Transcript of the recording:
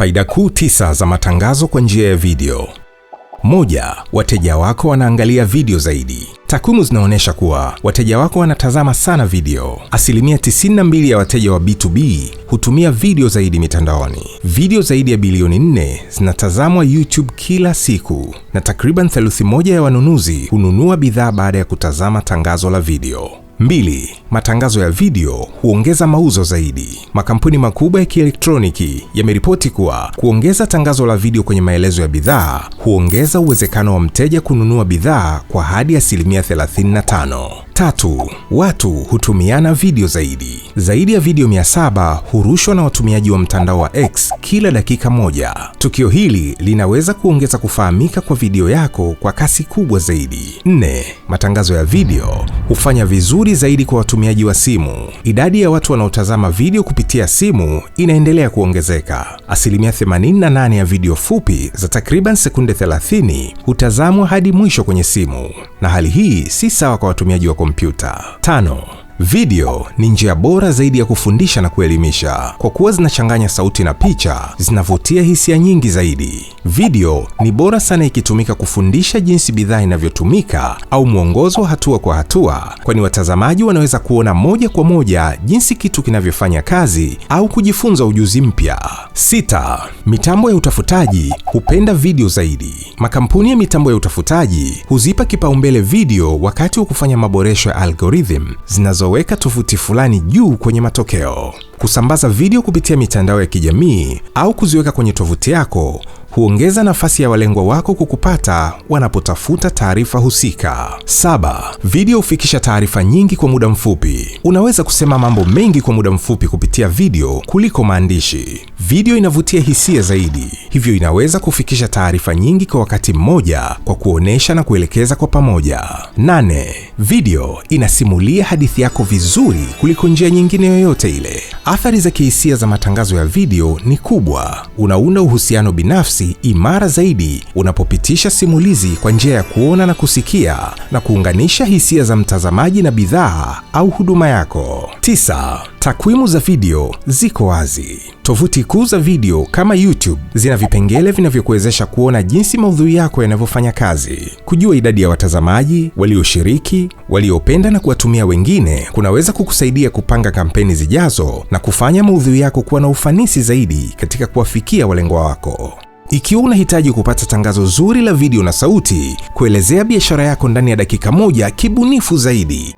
Faida kuu tisa za matangazo kwa njia ya video. Moja, wateja wako wanaangalia video zaidi. Takwimu zinaonyesha kuwa wateja wako wanatazama sana video. Asilimia 92 ya wateja wa B2B hutumia video zaidi mitandaoni. Video zaidi ya bilioni 4 zinatazamwa YouTube kila siku, na takriban theluthi moja ya wanunuzi hununua bidhaa baada ya kutazama tangazo la video. Mbili, matangazo ya video huongeza mauzo zaidi. Makampuni makubwa ya kielektroniki yameripoti kuwa kuongeza tangazo la video kwenye maelezo ya bidhaa huongeza uwezekano wa mteja kununua bidhaa kwa hadi asilimia 35. Tatu, watu hutumiana video zaidi. Zaidi ya video 700 hurushwa na watumiaji wa mtandao wa X kila dakika moja. Tukio hili linaweza kuongeza kufahamika kwa video yako kwa kasi kubwa zaidi. Nne, matangazo ya video hufanya vizuri zaidi kwa watumiaji wa simu. Idadi ya watu wanaotazama video kupitia simu inaendelea kuongezeka. Asilimia 88 ya video fupi za takriban sekunde 30 hutazamwa hadi mwisho kwenye simu, na hali hii si sawa kwa watumiaji wa kompyuta. Tano, Video ni njia bora zaidi ya kufundisha na kuelimisha kwa kuwa zinachanganya sauti na picha, zinavutia hisia nyingi zaidi. Video ni bora sana ikitumika kufundisha jinsi bidhaa inavyotumika au mwongozo hatua kwa hatua, kwani watazamaji wanaweza kuona moja kwa moja jinsi kitu kinavyofanya kazi au kujifunza ujuzi mpya. Sita, mitambo ya utafutaji hupenda video zaidi. Makampuni ya mitambo ya utafutaji huzipa kipaumbele video wakati wa kufanya maboresho ya algorithm zinazo lililoweka tovuti fulani juu kwenye matokeo. Kusambaza video kupitia mitandao ya kijamii au kuziweka kwenye tovuti yako huongeza nafasi ya walengwa wako kukupata wanapotafuta taarifa husika. Saba, video hufikisha taarifa nyingi kwa muda mfupi. Unaweza kusema mambo mengi kwa muda mfupi kupitia video kuliko maandishi. Video inavutia hisia zaidi, hivyo inaweza kufikisha taarifa nyingi kwa wakati mmoja kwa kuonesha na kuelekeza kwa pamoja. Nane, video inasimulia hadithi yako vizuri kuliko njia nyingine yoyote ile. Athari za kihisia za matangazo ya video ni kubwa unaunda uhusiano binafsi imara zaidi unapopitisha simulizi kwa njia ya kuona na kusikia na kuunganisha hisia za mtazamaji na bidhaa au huduma yako. 9. Takwimu za video ziko wazi. Tovuti kuu za video kama YouTube zina vipengele vinavyokuwezesha kuona jinsi maudhui yako yanavyofanya kazi. Kujua idadi ya watazamaji, walioshiriki, waliopenda na kuwatumia wengine kunaweza kukusaidia kupanga kampeni zijazo na kufanya maudhui yako kuwa na ufanisi zaidi katika kuwafikia walengwa wako. Ikiwa unahitaji kupata tangazo zuri la video na sauti, kuelezea biashara yako ndani ya dakika moja kibunifu zaidi